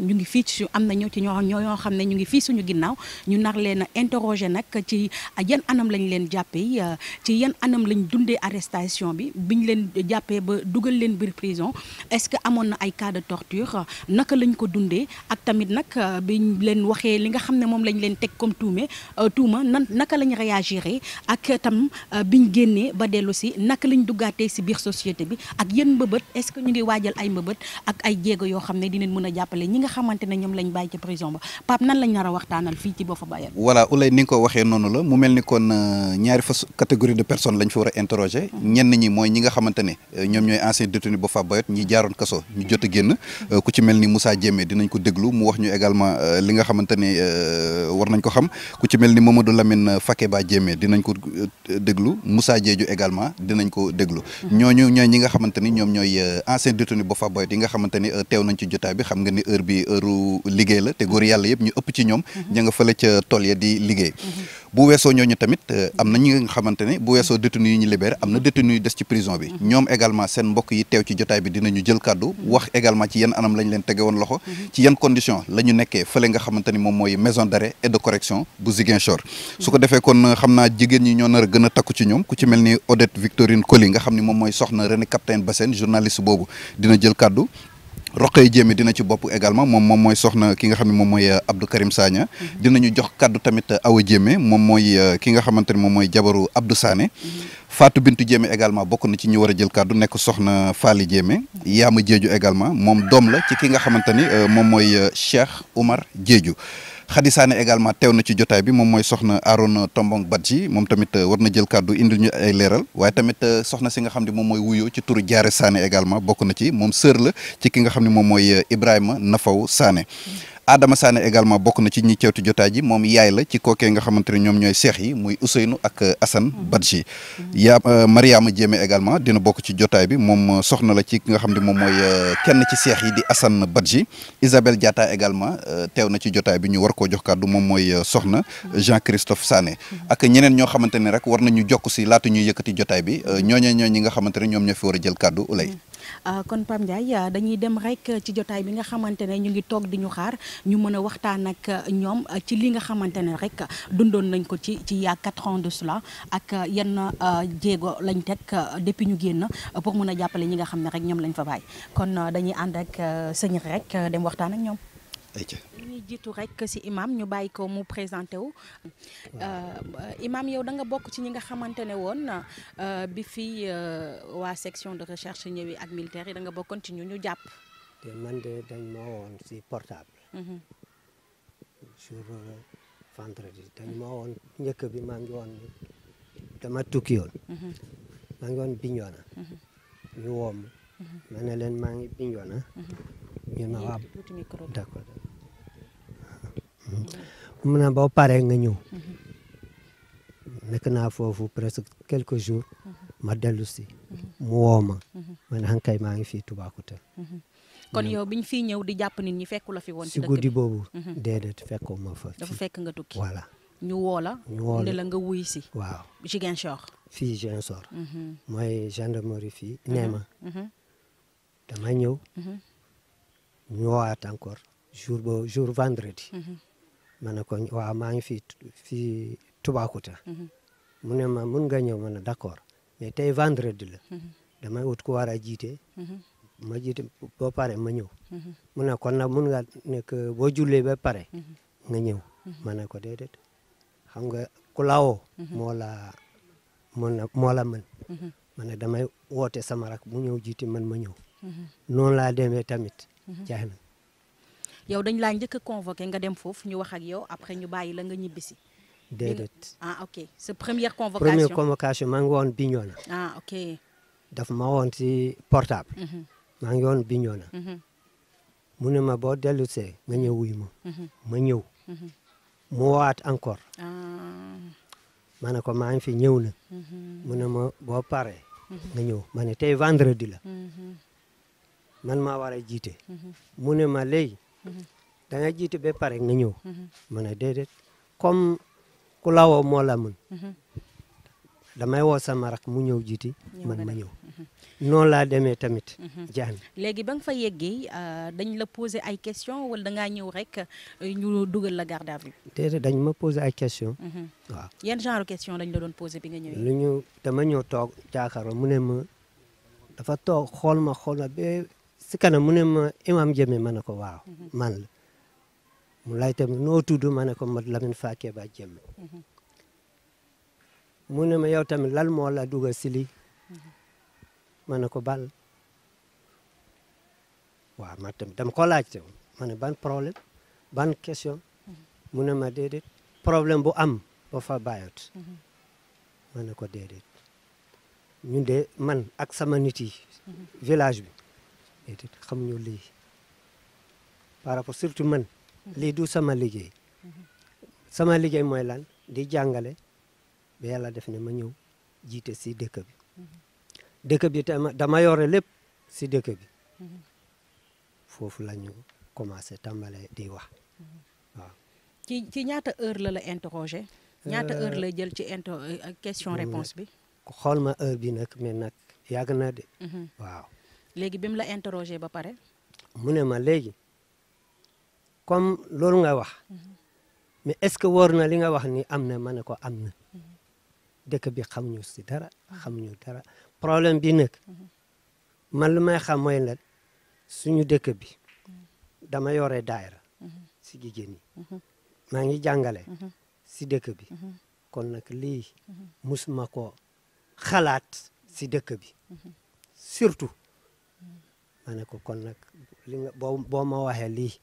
ñu ngi fii ci am na ñoo ci ñoo ñoo xam ne ñu ngi fii suñu ginnaaw ñu nar leen a interroger nag ci yan anam lañ leen jàppee euh, ci yan anam lañ dundee arrestation bi biñ leen jàppee ba dugal leen biir prison est-ce que amoon na ay cas de torture naka lañ ko dundee ak tamit nag euh, biñ leen waxee li nga xam ne moom lañ leen teg comme tuume euh, tuuma nan naka lañ réagir ak tam biñ génnee ba dellu si naka lañ duggaatee si biir société bi ak yan mbëbët est-ce que ñu ngi waajal ay mbëbët ak ay jéego yoo xam ne dinañ mën a jàppale ñi nga xamantene ñom lañ bay ci prison ba pap nan lañ nara waxtanal fi ci bofa bayal wala ulay ni ko waxe nonu la mu melni kon euh, ñaari fa catégorie de personnes lañ fa wara interroger ñen ñi moy ñi nga xamantene euh, ñom ñoy ancien détenu ba bayot ñi jaaroon kaso ñu jot a euh, ku ci melni ni Moussa Djemé dinañ ko déglu mu wax ñu également li nga xamantene war nañ ko xam ku ci melni Mamadou Lamine Ba Djemé dinañ ko déglu Moussa Diédiou également dinañ ko déglu ñoñu ñoy ñi nga xamantene ñom ñoy ancien détenu ba bayot yi nga xamantene téw nañ ci jotta bi xam nga ni heure bi bi heure la te góor mhm. yàlla yëpp ñu ëpp ci ñoom mhm. ña nga fële ca tool ya di liggéey mhm. bu weesoo ñooñu tamit eh, am na ñi nga xamante bu weesoo détenu yi ñu libéré am na détenu yu des ci prison bi ñoom également seen mbokk yi teew ci jotaay bi dinañu jël kàddu wax également ci yan anam lañ leen tege loxo ci yan condition la nekkee fële nga xamante moom mooy maison d'arrêt et de correction bu Ziguinchor su ko defee kon eh, xam naa jigéen ñi ñoo nar Roqe Jéeme dina ci bopp également moom moom mooy soxna ki nga xam ne moom mooy euh, Abdou Karim Sagna mhm. dinañu jox kàddu tamit euh, Awa Jéeme moom mooy euh, ki nga xamante ne moom mooy jabaru Abdou Sané mhm. Fatou Bintu Jéeme également bokk na ci ñu war a jël kàddu nekk soxna Faali Jéeme Yaama Jéeju également moom doom la ci ki nga xamante ni moom mooy Cheikh Oumar Jéeju Khady Sané également teew na ci jotaay bi moom mooy soxna Arona Tombong Badji moom tamit euh, war na jël kàddu indil ñu ay leeral waaye tamit euh, soxna si nga xam ne moom mooy wuyoo ci turu Jaare Sané également bokk na ci moom sœur la ci ki nga xam ne moom mooy euh, Ibrahima Nafaw saane Adama Sané également bokk na ci ñi cewtu jotaay ji moom yaay la ci kookee nga xamante ñoom euh, mm. Mm. Euh, bi moom euh, la ci nga xam ne moom mooy kenn ci seex yi di Assane Badji Isabelle Diatta également teew bi ñu war koo jox kàddu moom mooy soxna mm. Jean Christophe Sané ak ñeneen ñoo xamante ne rek war nañu jokk si laata ñuy yëkkati jotaay bi ñooñu ñoo ñi nga xamante ne ñoom ñoo fi war a jël kàddu ulay ah, dañuy dem rek ci jotaay bi nga xamante ne ñu ngi toog di ñu xaar ñu mën a waxtaan ak ñoom ci li nga xamante ne rek dundoon nañ ko ci ci yaa quatre ans de cela ak yenn euh, jéego lañ teg euh, depuis ñu génn pour mën a jàppale ñi nga xam ne rek ñoom lañ fa bàyyi kon euh, dañuy ànd ak sëñ rek dem waxtaan ak ñoom. ñuy jiitu rek ci imam ñu bàyyi ko mu présenté wu imam yow da nga bokk ci ñi nga xamante ne woon bi fii waa section de recherche ñëwi ak militaire yi da nga bokkoon ci ñu ñu jàpp te man jour vendredi dañ ma woon njëkk bi maa ngi woon dama tukki woon maa ngi woon Bignona ñu woom ma ne leen maa ngi Bignona ñu ne waa d'accord mu ne boo paree nga ñëw nekk naa foofu presque quelques jours ma dellu si ma ma ne xam kay maa ngi fii Toubacouta kon mm. yow bi fi fiy ñëw di jàpp nit ñi fekku fi woon. ci dëkk bi si guddi boobu. Mhm. déedéet fekkoon ma fa. dafa fekk nga tukki voilà. ñu woo la. ñu woo la ne la nga wuy si. waaw Ziguinchor. fii Ziguinchor. Mhm. mooy gendarmerie fii mhm. nee ma. dama ñëw. ñu woowaat encore jour boobu jour vendredi. ma ne ko waaw maa ngi fii fii Toubacouta. mu ne ma mun nga ñëw ma ne d'accord mais la. damay ut ku war jiite. ma jiite bo pare ma ñëw mm-hmm. mu ne kon nag mun nga nekk bo julle ba pare mm-hmm. nga mm-hmm. mana ma ne ko dedet xam nga ku lawo moo la mën na la damay wote sama rak mu ñëw jiti man ma ñëw non la demee tamit jahna yow dañ la ñëk convoquer nga dem fofu ñu wax ak yow après ñu bayyi la nga ñibisi dedet ah ok ce première convocation première convocation ma ngi woon ah ok daf ma won ci portable maa ngi woon Bignona mhm. mu ma boo dellu see nga ñëw wuy ma mhm. ma ñëw mhm. mu woowaat encore ah. ma ne ko maa fi ñëw na mu ma boo paree nga ñëw ma tey vendredi la man maa war jiite mu ma léegi da jiite ba pare nga ñëw ma ne déedéet comme ku lawoo moo damay woo sama rak mu ñëw jiiti man ma ñëw mhm. noon laa demee tamit mhm. jaan léegi ba nga fa yeggee euh, dañ la poser ay question wala da ngaa ñëw rek euh, ñu dugal la garde à vue dañ ma poser ay question mhm. waaw yan genre question dañ la doon poser bi nga ñëwee lu ñu dama ñëw toog jaakaro mu ne ma dafa toog xool ma xool ma ba si kanam mu ne ma imam Jame ma ne ko waaw man la mu lay tamit nootu tudd ma ne ko ma Lamine Fakeba Jame mu ne ma yow tamit lan moo la dugal si lii ma ne ko bal waaw man tamit dama ko laajte ma ne ban problème ban question mu ma déedéet problème bu am ba fa bàyyoot ma ko déedéet ñun de man ak sama nit yi village bi déedéet xamuñu lii par surtout man lii du sama liggéey sama liggéey mooy lan di jàngale ba yàlla def ne ma ñëw jiite si dëkk bi mhm. dëkk bi tam dama yore lépp si dëkk bi mhm. foofu la ñu commencé tàmbale di wax mhm. waaw. ci ñaata heure la la euh, ñaata heure la jël ci inter euh, question réponse bi. xool ma heure na nag mais nag yàgg na de. waaw bi mu la interroger ba pare. mu ne ma léegi comme loolu nga wax. mais est-ce que wóor na li nga wax ni am ma ne ko am dëkk bi xamuñu si dara xamuñu dara problème bi nag man lu may xam mooy nag suñu dëkk bi dama yore daayira si jigéen ñi maa ngi jàngale si dëkk bi kon nag lii musuma ko xalaat si dëkk bi surtout ma ne ko kon nag li nga ma waxee lii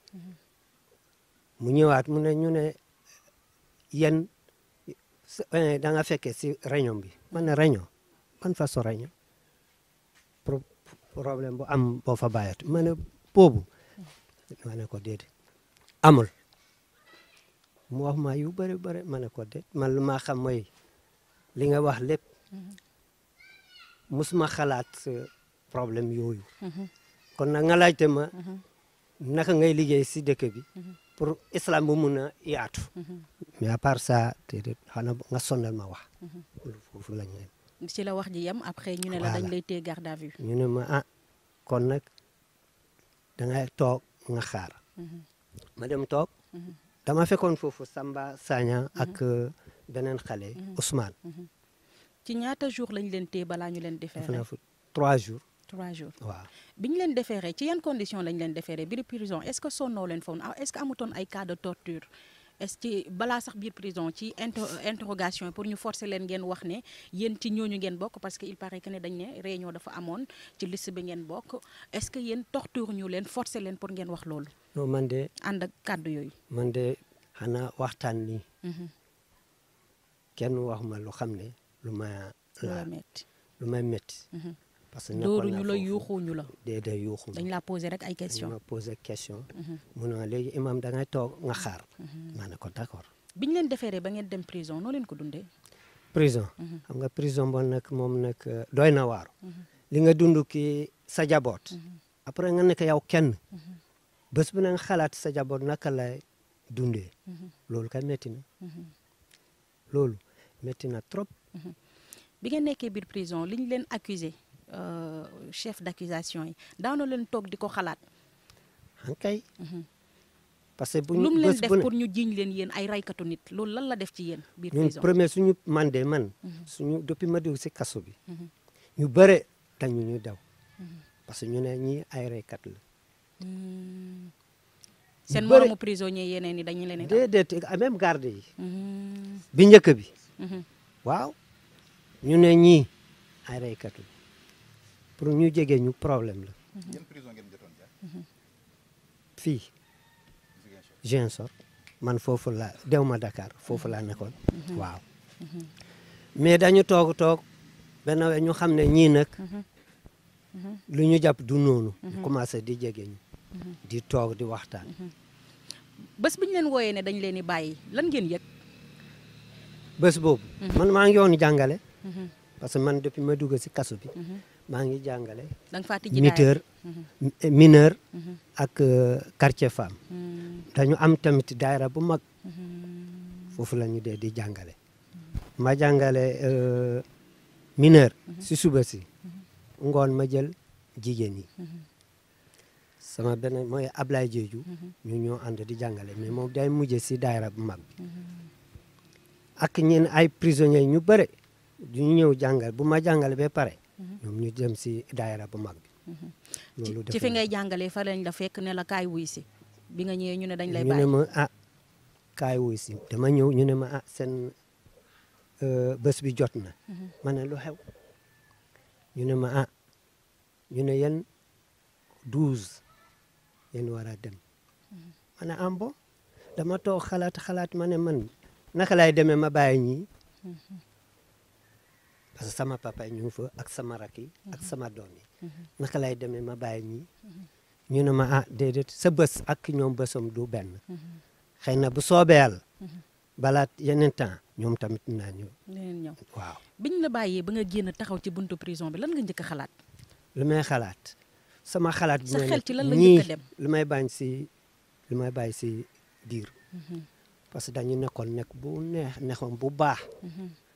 mu ñëwaat mu ne ñu ne Eh, da nga fekkee si réunion bi man ne réunion man façon réunion problème bu am boo fa bàyyat ma ne boobu ma ne ko déedéet amul mu wax ma yu bëri bëri ma ne ko déet man lu maa xam mooy li nga wax lépp musuma mm-hmm. xalaat euh, problème yooyu mm-hmm. kon nag nga laajte mm-hmm. naka ngay liggéey si dëkk bi pour islam bu mun yaatu. Mhm. mais à part ça déedéet xana nga sonal ma wax. Mhm. fofu lañ ñu ci la wax ji yam après ñu ne la dañ lay té garde à vue. ñu ne ma ah kon nak da nga tok nga xaar. Mhm. ma dem tok dama fekkoon fofu Samba Sagna ak euh, benen xalé Ousmane. ci ñaata jour lañ leen té bala ñu leen défé 3 jours. trois jours waaw leen déféré ci yan condition lañ leen déféré biir prison est-ce que sonno leen foofu ah, est-ce que amutoon ay cas de torture est-ce que balaa sax biir prison ci euh, interrogation pour ñu forcer leen ngeen wax né yeen ci ñooñu ngeen bok parce que il paraît que né dañ né réunion dafa amone ci liste bi ngeen bok. est-ce que yeen torture ñu leen forcer leen pour ngeen wax lool non man de. and ak kàddu yoy man de ana waxtan ni mhm. kenn wax ma lu xamné ne lu ma. lu lu ma metti. Mhm. parce que dóoru ñu la yuuxu ñu la déedéet yuuxu dañ laa posé rek ay question dañ ma posé question mhm. mu ne léegi imam da ngay toog nga xaar mhm. maa ko d' accord bi ñu leen defeeree ba ngeen dem prison noo leen ko dundee prison mhm. xam nga prison bon euh, na waaru li nga dund ki sa jaboot après nga nekk yow bu ne nga xalaat sa jaboot naka lay loolu kay métti loolu métti trop bi ngeen nekkee biir li ñu leen accusé Euh, chef d'accusation yi le na leen toog di mhm. parce que bu def pour ñu leen ay nit lan la def ci biir prison premier suñu mandé man. Mhm. suñu depuis ma si bi. Mhm. ñu parce que ñu ne ñii ay raykat la. Hmm. prisonnier yeneen dañu leen même garde yi. Hmm. bi njëkk bi. waaw ñu ay pour ñu jégué ñu problème la. ñen prison ngeen jotone ja fi j'ai un sort man fofu la dew ma Dakar fofu la nekkoon. waaw mais dañu tok tok ben we ñu xamné ñi nak lu ñu japp du nonu commencé di jégué ñu. Mhm. di tok di waxtaan. Mhm. bës bi leen woyé né dañ leen ni bayyi lan ngeen yek bës bobu mhm. man ma ngi yoon jangalé parce que man depuis ma dugg ci kasso bi mangi jangale jàngale. miner, nga faa mineur. Mhm. ak euh, quartier femme. Mhm. dañu am tamit daayra bu mag. Mhm. fofu lañu dé di jangale ma euh mineur. ci souba ci ngon ma jël sama ben moy Ablaye djéju ñu ñoo and di jangale mais mok day mujjé ci daayra bu mag ak ñeen ay prisonniers ñu bëre. ñu ñëw jangal bu ma bé pare. Mm-hmm. ñoom ñu jëm si daayira bu mag bi. Mm-hmm. loolu ci fi ngay jàngalee fa lañ la fekk ne la kaay wuy si bi nga ñëwee ñu ne dañ lay bàyyi ñu ne ma ah, wuy si dama ñëw ñu ne ma ah seen euh, bés bi jot na. Mm-hmm. ma ne lu xew ñu ne ma ah ñu ne yéen douze yéen dem. ma ne am ah, dama toog xalaat xalaat ma ne man naka laay demee ma bàyyi ñii. sama papa ñu fa ak sama rak yi ak mhm. sama doom yi mhm. naka lay demee ma bay ñi mhm. ñu ne ma ah déedéet sa bëss ak ñom bëssam du ben xeyna bu soobee balat yenen temps ñom tamit naa ñëw waaw biñ la bayé ba nga génn taxaw ci buntu prison bi lan nga ñëk xalaat lu may xalaat sama xalaat bi sa ci lan la njëkk dem lu may bàyyi si lu may bàyyi parce que dañu nekkon nek bu neex nekkoon bu baax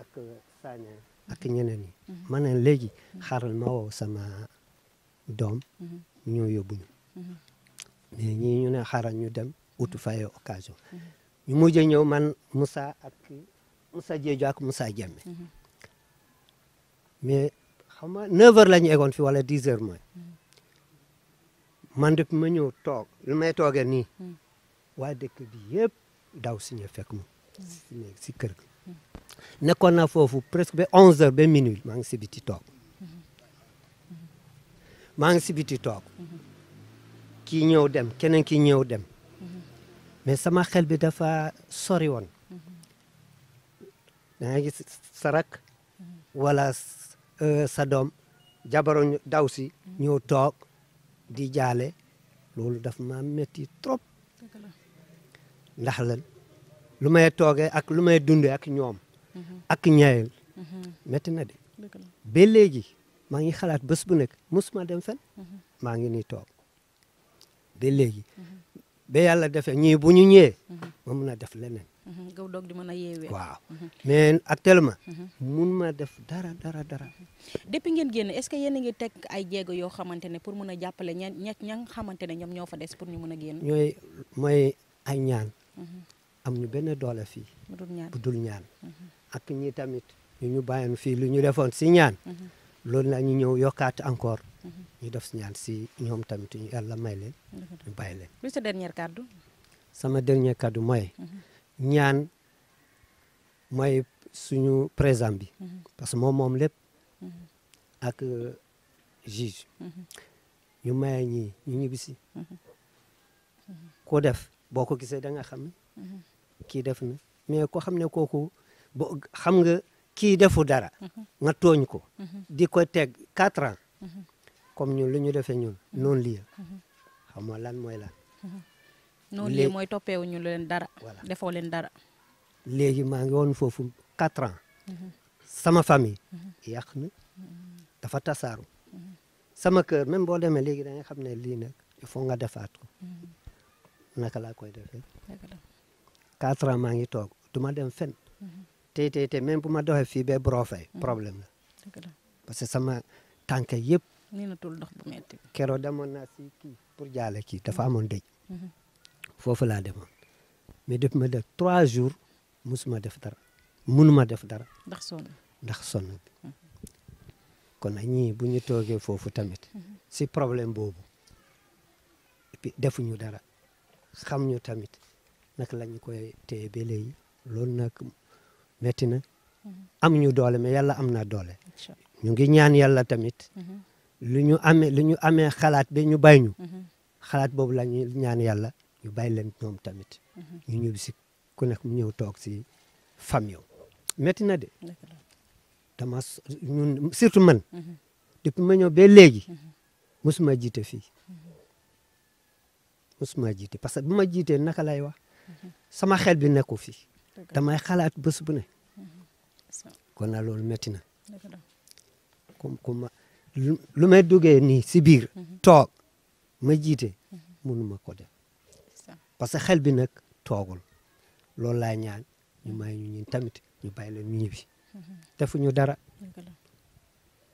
ak euh, Sané ak mhm. ñeneen ñi mhm. ma ne léegi mhm. xaaral ma woo sama doom ñoo yóbbuñu mais ñii ñu ne xaaral ñu dem utu faye occasion ñu mujj a ñëw man musa ak Moussa Diédio musa Moussa Diame mais xam nga 9 heures la ñu eggoon fi wala 10 heures mooy man def ma ñëw toog lu may toogee nii waa bi yëpp daw si ñu fekk mu si nekkoon naa foofu presque ba 11h ba minuit maa ngi si biti toog maa ngi si biti toog kii ñëw dem keneen kii ñëw dem mais sama xel bi dafa sori woon da nga sarak wala sa euh, doom jabaro daw si ñëw toog di jaale loolu daf ma metti trop ndax lu toge ak lu may dundee ak ñoom mm-hmm. ak ñaayal métti mm-hmm. na de ba léegi maa ngi xalaat bés bu nekk musuma dem fen mm-hmm. maa ngi nii toog ba léegi bu ñu ma def leneen gaw doog di mën a waaw mais actuellement mun ma def dara dara dara depuis ngeen génn est-ce que yéen ngi teg ay jéego yoo xamante ne pour mun a jàppale ña nga xamante ne ñoom ñoo pour ñu mun génn ay ñaan amuñu benn doole fii bu dul ñaan mm-hmm. ak ñi tamit ñu ñu bàyyoon fii lu ñu defoon si ñaan mm-hmm. loolu la ñu ñëw yokkaat encore mm-hmm. ñu def si ñaan si ñoom tamit ñu yàlla may leen ñu bàyyi leen lu sa dernier kaddu sama dernier kaddu mooy ñaan mooy suñu présent bi parce que moom moom lépp ak euh, juge ñu maye ñi ñu ñibbisi ko def boo ko gisee da nga xam kii def na mais ko xam ne kooku bo xam nga kii defu dara mhm. nga tooñ ko mhm. di ko teg quatre ans mhm. comme ñun lu ñu defee ñun noonu lii xam nga lan mooy lan noonu lii mooy toppeewu ñu leen dara defoo leen dara léegi maa ngi woon foofu quatre ans sama famille yàq na dafa tasaaru sama kër même boo demee léegi da nga xam ne lii nag il faut nga defaat ko naka laa koy defee k'a mangi a man k'i fen mhm. te te te même buma dohe fi bee boroo fay mhm. problème la parce que sama bu metti keroo demoon na si ki pour jaale ki dafa mhm. amone dej fofu la demone mais depuis ma de 3 jours musuma def dara munuma def dara ndax son ndax son kon ay ñi bu ñu tamit si problème bobu et puis ñu dara xam ñu tamit naka lañ koy téye ba léegi loolu nag metti na mhm. am ñu doole mais yàlla am na doole ñu ngi ñaan yàlla tamit mhm. lu ñu amee lu ñu amee xalaat bi ñu bay ñu mhm. xalaat boobu la ñu ñaan yàlla bay bàyyi leen ñoom tamit ñu ñëw si ku nekk mu ñëw toog si famille yow metti na de dama ñun surtout man depuis ma ñëw ba léegi musuma jiite fii musuma jiite parce que bu ma jiitee naka lay wax sama xel bi nekku fi damay xalaat bés bu ne kon na loolu métti na comme lu may duggee nii si biir mhm. toog ma jiite mënuma mhm. ko def parce que xel bi nag toogul loolu laa ñaan ñu may ñu ñun tamit ñu bàyyi leen ñu ñibbi mhm. defuñu dara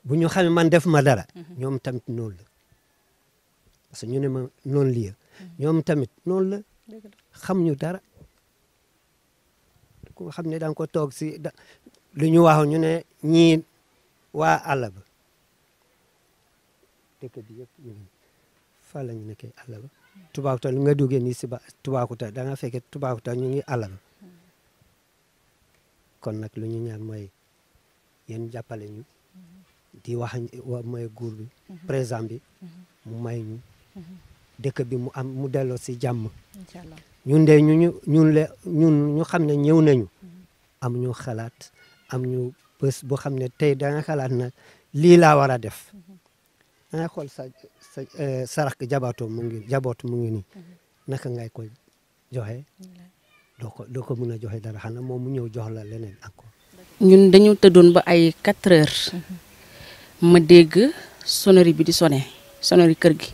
bu ñu xamee man def ma dara ñoom tamit noonu parce que ñu ne ma noonu lii tamit noonu xam dara ku xamne dang ko tok si luñu wax ñu ne ñi wa àll ba dekk bi yepp ñu ngi fa la ñu nekkee àll ba Toubacouta nga duggee ni si ba ta da nga ko ta ñu ngi àll ba kon nak luñu ñaan moy yeen jappalé ñu di wax moy goor bi président bi mu may ñu mhm. dekk bi mu am mu ci si inshallah ñun de ñu ñu ñun la ñun ñu xam ne ñëw nañu am ñu xalaat am ñu pës boo xam ne tey da xalaat na lii laa war a def da sa sa eh, sarax jabaatoo mu ngi nii naka ngay koy doo ko doo ko mën a joxe dara xanaa moom mu ñëw jox la leneen encore. ñun dañu tëddoon ba ay 4 dégg sonnerie bi di sonné sonnerie kër gi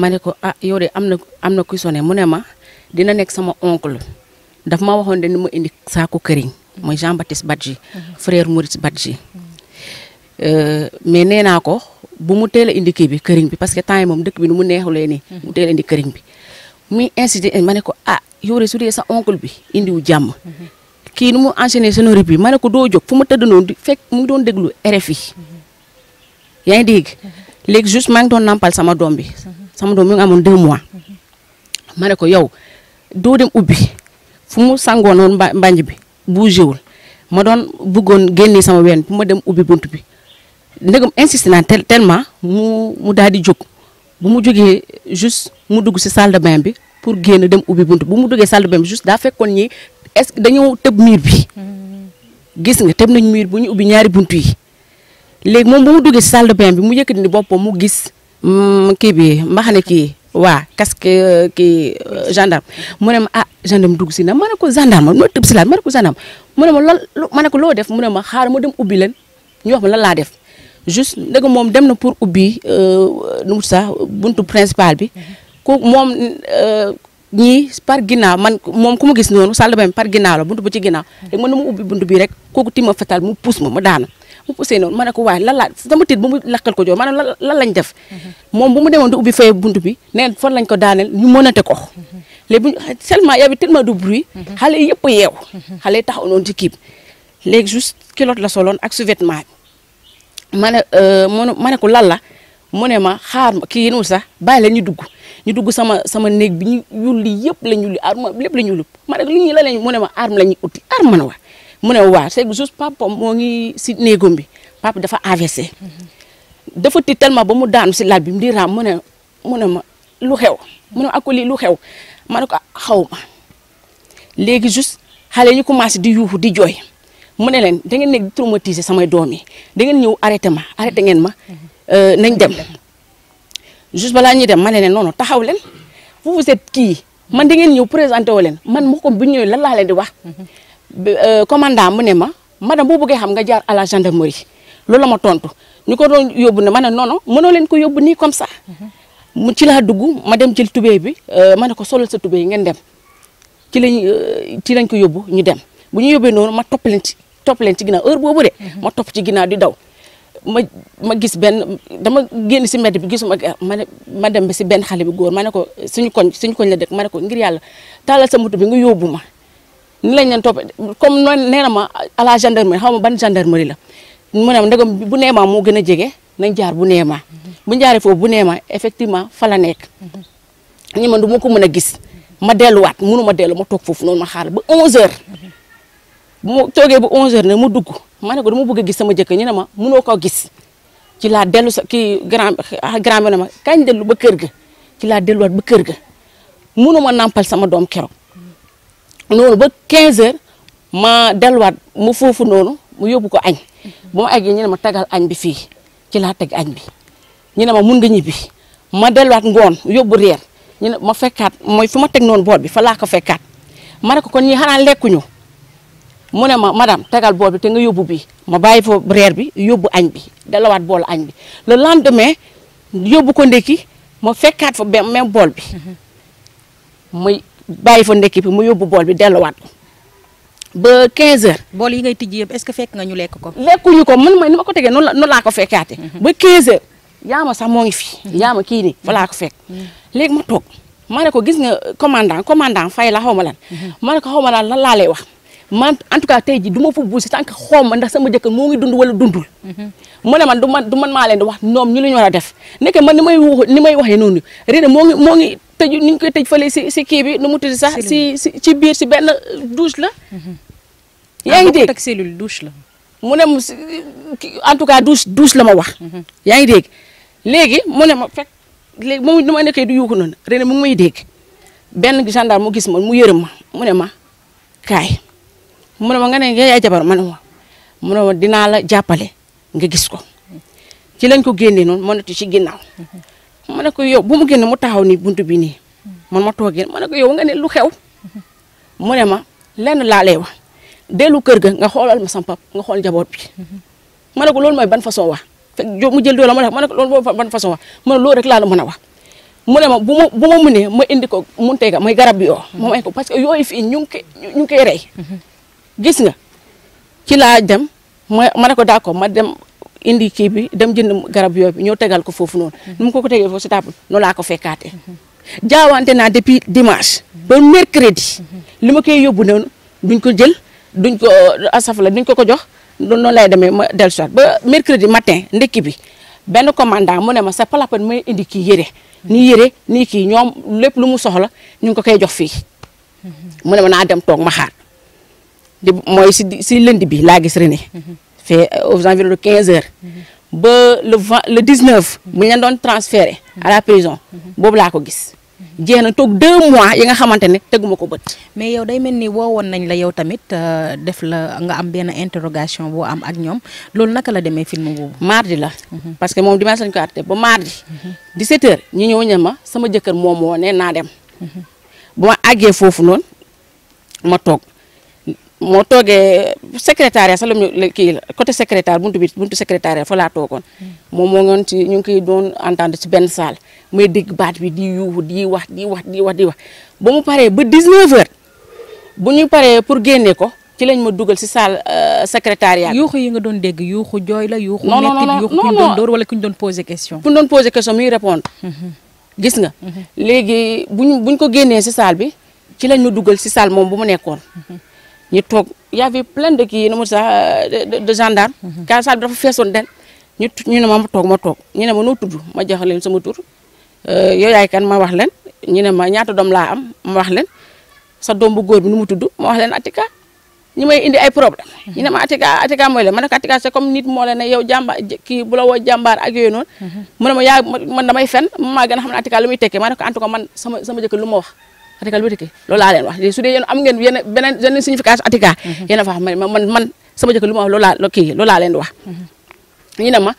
ma ne ko ah yow am na am na kuy sone mu ne ma. dina nekk sama oncle daf ma waxoon de ni ma indi saako këriñ mooy Jean Baptiste Badji frère Maurice Badji euh, mais nee naa ko bu mu teel a indi kii bi këriñ bi parce que temps yi moom dëkk bi nu mu neexulee nii. mu teel a indi këriñ bi muy incité ma ne ko ah yow de sa oncle bi indiwu jàmm. kii nu mu sa sonore bi ma ne ko doo jog fu ma tëdd noonu di fekk mu ngi doon déglu RFI yaa ngi dégg léegi juste maa ngi nampal sama doom bi sama doom bi nga amoon deux mois ma ne ko yow doo dem ubbi fu mu sangoon woon mba mbanj bi bougé ma doon buggoon génne sama wen bu ma dem ubbi bunt bi ndegam insisté naa tel tellement mu mu daal jóg bu mu jógee juste mu dugg si salle de bain bi pour génn dem ubbi bunt bu mu duggee salle de bain daa fekkoon ñi est-ce que dañoo tëb miir bi gis nga tëb nañ miir bu ñu ubbi ñaari bunt yi léegi moom bu mu duggee si salle de bi mu yëkkati ni boppam mu gis mm, kii bi mbaxane kii waa casque euh, kii euh, gendarme mu ne ma ah gendarme dugg si na ma ne ko gendarme ma tëb si laat ma ne ko gendarme mu ne ma lool ma ne loo def mu ne ma xaaral ma dem ubbi leen ñu wax ma lan laa def juste ndega moom dem na pour ubbi euh, nu sax buntu principal bi ku moom ñii par ginnaaw man moom ku ma gis noonu salle par ginnaaw la buntu bu ci ginnaaw rek man na mu ubbi buntu bii rek kooku tima fetal mu puus ma ma daana Ousseynou ma ne ko waaye lan laa sama tiit bu mu lakkal ko joo maanaam lan lañ def moom bu mu demoon di ubbi fay buntu bi neen fan lañ ko daaneel ñu mënate ko léegi bu seulement y avait tellement de bruit xale yi yëpp yeew xale yi taxaw noonu ci kiib léegi juste kilote la soloon ak sous-vêtement bi euh, ma ne ma ne ko lan la mu ne ma xaar kii yéenul sax bàyyi la ñu dugg ñu dugg sama sama néeg bi ñu yulli yëpp la ñu yulli arme lépp la ñu yulli ma ne lañ mu ne ma arme la ñuy utti arme na wa mu ne waaw c'est juste papa moo ngi si néegam bi papa dafa AVC. dafa ti ma ba mu daanu si laaj bi mu di raam mu ne mu ne ma lu xew mu ne akuli lu xew ma ne ko ah, xaw ma léegi juste xale yi commencé di yuuxu di jooy mu ne leen da ngeen nekk di traumatiser samay doom yi da ngeen ñëw arrêté ma arrêté ngeen ma euh, nañ dem juste balaa ñuy dem ma ne leen non non taxaw leen vous vous êtes kii man da ngeen ñëw présenté woo leen man moo ko bu ñëwee lan laa leen di wax. Euh, commandant mu ne ma man madame boo bëggee xam nga jaar à la gendarmerie loolu la ma tontu ñu ko doon yóbbu ne ma ne non mënoo leen ko yóbbu nii comme ça. mu ci laa dugg ma dem jël tubéy bi euh, ma ne ko solal sa tubéy ngeen dem ci lañ euh, ci lañ ko yóbbu ñu dem bu ñu yóbbee noonu ma topp leen ci topp leen ci ginnaaw heure boobu de. Mhm. ma topp ci ginnaaw di daw. ma ma gis benn dama génn si mbedd bi gisuma ma ne ma dem ba si benn xale bi góor ma ne ko suñu koñ suñu koñ la dëkk ma ne ko ngir yàlla taalal sa moto bi nga yóbbu ma. ni lañ leen topp comme noonu nee na ma à la gendarmerie xaw ma ban gendarmerie la mu ne ndegam bu neema moo gën a jege nañ jaar bu neema bu ñu foofu bu neema effectivement fa la nekk ni man du ma ko mën a gis ma delluwaat mënu ma dellu ma toog foofu noonu ma xaar ba 11 bu ma toogee ba 11h ma dugg ma ne ko dama bëgg a gis sama jëkkër ñu ne ma mënoo koo gis ci laa dellu sa kii grand grand bi ma kañ dellu ba kër ga ci laa delluwaat ba kër ga mënu ma nàmpal sama doom keroog. noonu ba 15 heures ma delluwaat mu foofu noonu mu yóbbu ko añ mhm. bu ma eggee ñu ma tagal añ bi fii ci laa teg añ bi ñu ne ma mun nga ñibbi ma delluwaat ngoon yóbbu reer ma fekkaat mooy fi ma teg noonu bool bi fa laa ko fekkaat ma ne ko kon ñi xanaa lekkuñu mu ne ma madame tegal bool bi te nga yóbbu bi ma bàyyi fa reer bi yóbbu añ bi delluwaat bool añ bi le lendemain yóbbu ko ndékki ma fekkaat fa même bool bi mhm. muy bàyyi fa ndekki bi mu yóbbu bool bi delluwaat ba 15 heures. bool yi ngay tijji yëpp est-ce que fekk nga ñu lekk ko. lekkuñu ko man ma ni ma ko tegee noonu la noonu laa ko fekkaate. Mhm. ba 15 heures yaama sax moo ngi fi. Mhm. yaama kii nii fa laa ko fekk. Mhm. léegi ma toog ma ne ko gis nga commandant commandant fay la xaw ma lan. ma ne ko xaw ma lan lan laa lay wax. man en tout cas tey jii du ma fa buusi tant que xoom ma ndax sama jëkkër moo ngi dund wala dundul mhm. mu ne man du man du man maa leen di wax ñoom ñu la ñu war a def nekke man ni may wax ni may waxee noonu Rida moo ngi moo ngi tëju ni ñu koy tëj fële si si kii bi nu mu tudd sax si si ci biir si benn douche la mhm. yaa ngi ah, dégg cellule douche la mu en tout cas douche douche la ma wax mhm. yaa ngi dégg léegi mu ne ma fekk léegi moom dama nekkee du yuuxu noonu Rida mu ngi may dégg benn gendarme mu gis ma mu yërëm ma mu ne ma kaay mu ne ma nga ne yaay jabar ma ne ma mu ne ma dinaa la jàppale nga gis ko ci lañ ko génnee noonu mënatu ci ginnaaw ma ne ko yow bu mu génne mu taxaw nii buntu bi nii man ma toogee ma ne ko yow nga ne lu xew mu ne ma lenn laa lay wax dellu kër ga nga xoolal ma sama pap nga xool njaboot bi ma ne ko loolu mooy ban façon wax fekk mu jël doole ma ne ma ne ko loolu mooy ma loolu rek laa la mën a wax mu ne ma bu ma bu ma mënee ma indi ko mun tega may garab bi yoo ma may ko parce que yooyu fii ñu ngi koy ñu ngi koy rey gis nga ci laa dem ma ma ne ko d'accord ma dem indi kii bi dem jënd garab yooyu ñoo tegal ko foofu noonu. Mhm. nu mu ko ko tegee foofu si table noonu laa ko fekkaatee. jaawante naa depuis dimanche. ba mercredi. Mhm. li ma koy yóbbu noonu duñ ko jël duñ ko asaf la duñ ko ko jox noonu lay demee ma dellu si ba mercredi matin ndekki bi benn commandant mu ne ma sa palapan may indi kii yére. Mhm. nii yére nii kii ñoom lépp lu mu soxla ñu ngi ko koy jox fii. mu ne ma naa dem toog ma xaar. di mooy si si lundi bi laa gis René. fee euh, aux environs de quinze heures. ba le vingt le 19. bu ñu leen doon transféré. à la prison boobu laa ko gis. jeex na toog deux mois yi nga xamante ne teguma ko bët. mais yow day mel ni woon nañ la yow tamit euh, def la nga am benn interogation boo am ak ñoom loolu naka la demee film boobu. mardi la. parce que moom dimanche lañ ko àtte ba mardi. 17h ñu ñëw ña ma sama jëkkër moom moo ne naa dem. Mhm. bu ma àggee foofu noonu toog. moo toogee secrétariat sax la ñu kii la côté secrétaire buntu bi buntu secrétariat fa laa toogoon. moom moo ngoon ci ñu ngi koy doon entendre si benn salle may dégg baat bi di yuuxu di wax di wax di wax di wax ba mu paree ba 19h bu ñu paree pour génnee ko ci lañ ma dugal ci salle euh, secrétariat. yuuxu yi nga doon dégg yuuxu jooy la. yuuxu metti yuuxu ku ñu doon dóor wala ku ñu doon posé question. ku ñu doon posé question muy répondre. Mhm. gis nga. Mhm. léegi bu ñu bu ñu ko génnee ci salle bi ci lañ ma dugal ci salle moom bu mu nekkoon. Mhm. ñu tok y avait plein de kii nu sa de gendarme. kaa mhm. saal dafa fessone den ñu ñu ne ma tok ma tok ñu ne ma no tuddu ma jox leen sama tour euh yoyay kan ma wax leen ñu ne ma ñaata dom la am ma wax leen sa dom bu goor bi nu mu tuddu ma wax leen Atika ñu may indi ay problème mhm. ñu ne ma Atika Atika moy mana man Atika c'est comme nit mo le ne yow jamba ki bu la wo jambar ak yoy non mhm. mu ne ma ya man damay fen ma maa gën xam Atika lu muy tekke ma ne ko en tout cas man sama sama jëk lu ma wax article bi dëkkee loolu la len wax su de yéen ya, am ngeen yéen ya, beneen beneen signification atika mhm. ya, yéen a fa man man sama jëk lu ma wax loolu la kii loolu laa leen mhm. di wax ñu na ma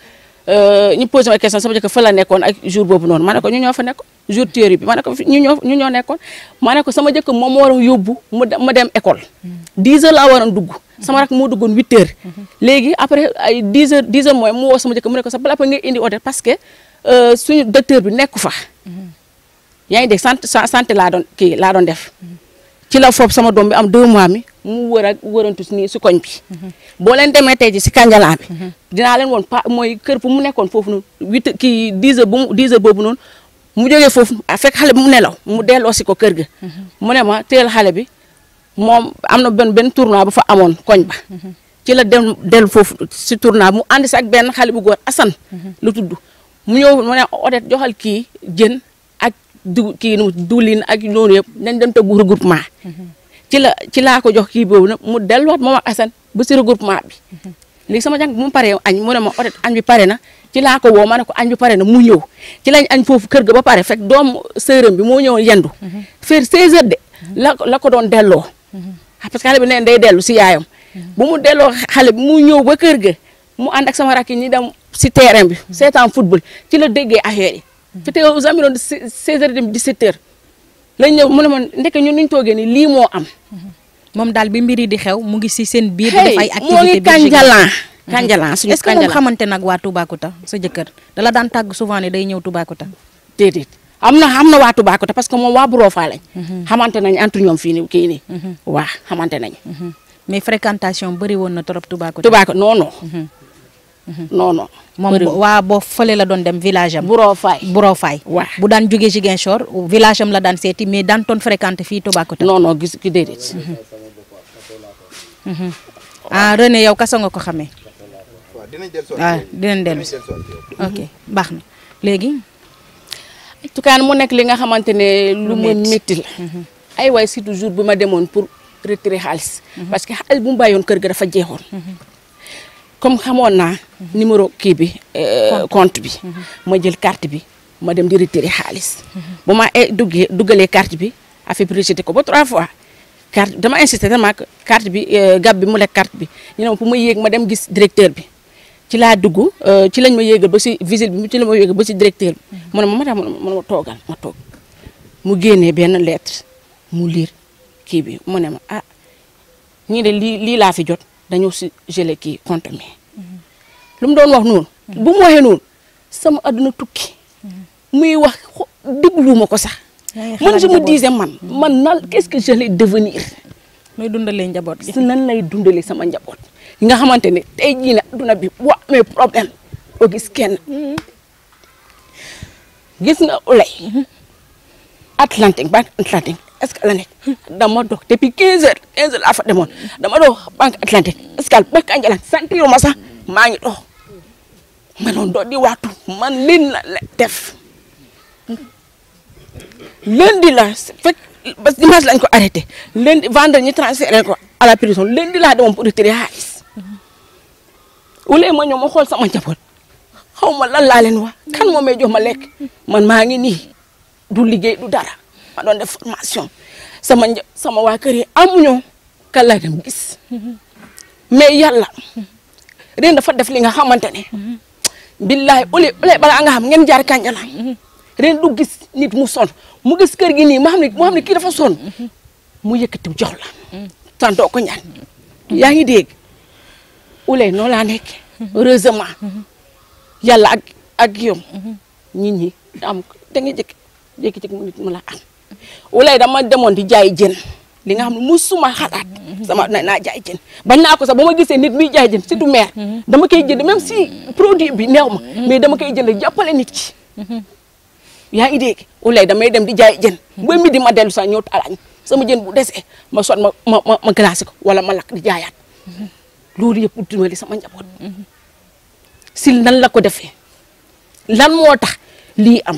euh ñu poser ma question sama jëk fa la nekkon ak jour bobu non ma ko ñu ñoo fa nekkoon jour théorie bi ma ko ñu ñoo ñu ñoo nekkon ma ko sama jëk moom moo waroon yóbbu ma dem école 10 mhm. heures la waroon dugg sama rak mo duggoon 8 heures léegi après ay 10 heures 10 heures moy mo sama jëk mu ne ko sa pa nga indi oto parce que euh suñu docteur bi nekk fa yaa ngi dégg sant santé laa doon kii laa doon def ci la foofu sama doom bi am deux mois mi mu wër ak wërantu si nii si koñ bi boo leen demee tey ji si Kanjalaan bi dinaa leen woon pa mooy kër fu mu nekkoon foofu noonu huit kii dix heures bu mu dix boobu noonu mu jógee foofu fekk xale bi mu ne law mu delloo si ko kër ga mu ne ma teel xale bi moom am na benn benn tournoi bu fa amoon koñ ba ci la dellu foofu si tournoi mu ànd si ak benn xale bu góor Assane lu tudd mu ñëw mu ne odet joxal kii jën du kii nu dulin ak noonu yëpp nañ dem tëgg regroupement ci la ci laa ko jox kii boobu mu delluwaat moom ak Assane ba si regroupement bi léegi sama bu mu paree añ mu ne ma otet bi pare na ci laa ko woo ma ne ko añ bi pare na mu ñëw ci lañ añ foofu kër ga ba pare fekk dom sërëm bi moo ñëwoon yendu faire 16 heures de la la ko doon delloo ah, parce que xale bi si yaayam bu mu delloo xale bi mu ñëw ba kër ga mu ànd ak sama rakk yi ñu dem si terrain bi seetaan football ci la déggee affaire c'était aux environs de 16 heures dem 17 heures lañ ñëw mu ne ma ndek ñun nuñ toogee ni lii moo am moom daal bi mbiri di xew mu ngi si seen biir di ay activité moo ngi kanjalan kanjalan mhm. suñu est-ce que moom xamante nag waa Toubacouta sa jëkkër dala daan tàgg souvent ne day ñëw Toubacouta déedéet am na amna na waa Toubacouta parce que moom waa Buroofa lañ mhm. xamante nañ entre ñoom fii ni kii ni mhm. waa xamante nañ mais fréquentation bëri woon na trop Toubacouta Toubacouta non non non non. moom waa boo fële la doon dem village am. Buroo Faay Buroo Faay. bu daan jógee Ziguinchor village am la daan seeti mais daan toon fréquenté fii Toubacouta. non non gis ki déedéet. Mhm. Mhm. Ah, yow kasa nga ko xamee. waaw dinañ ah, ok baax na léegi. tukaan mu nekk li nga xamante ne lu mu métti la. Mhm. ay waay surtout jour bi ma demoon pour retirer xaalis. parce que xaalis bu mu bàyyoon kër ga dafa jeexoon. comme xamoon naa mhm. numéro kii bi euh, compte bi mhm. ma jël carte bi ma dem directeur yi xaalis mhm. bu ma eh, duggee duggalee carte bi affaire bi ko ba trois fois carte dama insisté tellement que carte bi euh, gab bi mu lekk carte bi ñu ne ma pour ma yéeg ma dem gis directeur bi ci laa dugg euh, ci lañ ma yéegal ba si visite bi ci lañ ma yéegal ba si directeur bi mu ne ma ma tax mu ne ma toogal ma toog mu génnee benn lettre mu liir kii bi mu ne ma ah ñii ne lii lii laa fi jot dañoo si gelé kii compte mi lu mu doon wax noonu bu mu waxee noonu sama àdduna tukki muy wax dégluwuma ko sax man je me disais man man nal qu'est-ce que j'allais devenir mooy dundalee njaboot gi nan lay dundale sama njaboot nga xamante ne tey jii ne adduna bi bu amee problème o gis kenn gis nga ulay mhm. Atlantique ba Atlantique escale la nekk dama dox depuis 15 heures 15 heures laa fa demoon dama dox banque atlantique escale ba Kanjalang sentir ma sax maa ngi dox ma doon dox di waatu man lin la la def lundi la fekk ba dimanche lañ ko arrêté lundi vendredi ñu transféré ko à la prison lundi laa demoon pour retirer xaalis wala ma ñëw ma xool sama njaboot xaw ma lan laa leen wa kan moo may jox ma lekk man maa ngi nii du liggéey du dara. dama don def formation sama sama wa kër yi amuñu kan laa dem gis mais yalla reen dafa def li nga xamantene billahi ule ule bala nga xam ngeen jaar la ren du gis nit mu son mu gis keur gi ni mu xam ne mu xam ne kii dafa son mu yëkkati jox la tanto ko ñaan yaangi dek dégg no la nek heureusement yalla ak ak yom nit ñi am da nga jek jek mu nit mu la am walaay dama demone di jaay jën li nga xam musuma xalat sama na na jaay jën bañ na ko sa ba gisee nit biy jaay ci du maire dama kay jënd même si produit bi neewma mais dama kay jënd jàppale nit ci ya ngi dégg dama dem di jaay jën mi di ma delu sa ñoot alañ sama jen bu déssé ma sot ma ma ma glacé ko wala ma lak di jaayaat loolu yëpp dimbali sama njabot sil nan la ko defé lan moo am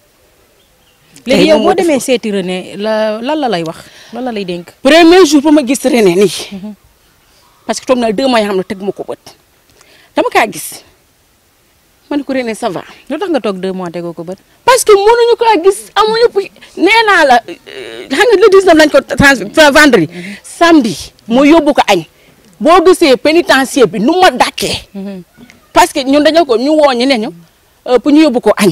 léegi yow boo demee seeti René la lan la lay wax lan la lay dénk. premier jour ba ma gis René nii. Mhm. parce que toog na deux mois yoo xam ne teg ma ko bët. dama kaa gis ma ne ko René ça va. lu tax nga toog deux mois tegoo ko bët. parce que mënuñu kaa gis amuñu nee naa la euh, xam nga le 19 lañ ko trans vendredi mhm. samedi mu yóbbu ko añ. boo gisee pénitencier bi nu ma dàkkee. Mhm. parce que ñun dañoo ko ñu woo ñu ne ñu euh, pour ñu yóbbu ko añ.